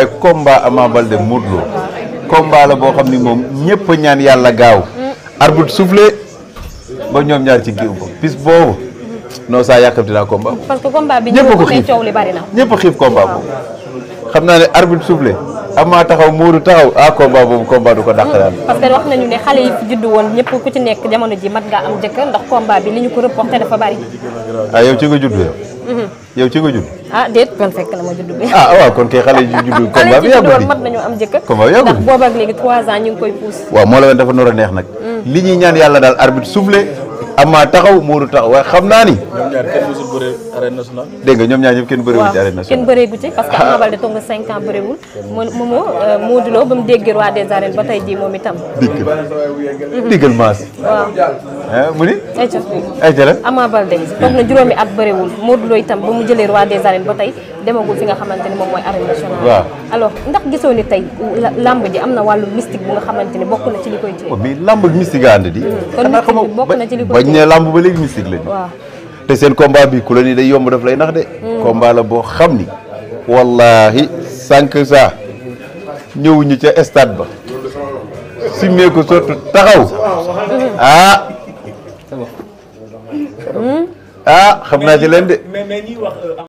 waaye combat Ama Baldé Modou Lô combat la boo xam ni moom ñëpp ñaan yàlla gaaw arbitre soufflé ba ñoom ñaar ci géew ba bis boobu non saa yàkkamti naa combat boobu. parce ko xiif coow boobu xam naa ne arbitre soufflé Ama taxaw Modou taxaw ah combat boobu combat du ko dàq daal. parce que wax nañu ne xale yi fi juddu woon ñëpp ku ci nekk jamono ji mat ngaa am jëkkër ndax combat bi li ñu ko reporté dafa bari. ah yow ci nga juddu yow. Mhm. yow ci nga a ah déet kon fekk na ma judd bi. ah waaw kon kay xale yu judd. combat bi yàggul di mat nañu am jëkkër. combat bi yàggul di ndax booba léegi 3 ans ñu koy pousse. waaw moo la woon dafa a neex nag. Mm. li ñuy ñaan yàlla daal arbitre soufflé Ama taxaw Modou taxaw waaye xam naa ni. ñoom ñaar kenn mësul bëree arène nationale. dégg nga ñoom ñaar ñëpp kenn bëreewul ci parce que Ama Baldé toog nga 5 ans bëreewul. moom moo euh, Modou Lo ba mu dégg roi des arènes ba tey jii moom itam. diggal maas. mu ni. Eh, ayca eh, la Ama Balde toog na juróomi at bëriwul Modou Lo itam ba mu jëlee roi des arènes ba tey demagul fi nga xamante ni moom mooy arène nationale. waaw alors ndax gisoo ni tey lamb ji am na wàllu mystique bu nga xamante bokk na ci li koy téye. Oh, mais lamb ak mystique ànd di. Hmm. kon mystique ba léegi mystique te seen combat bi day yomb daf nax de. Hmm. boo xam ni. wallaahi sànq ca stade ba. ko sotti taxaw hmm. ah. Hmm? ah xam naa ci leen de.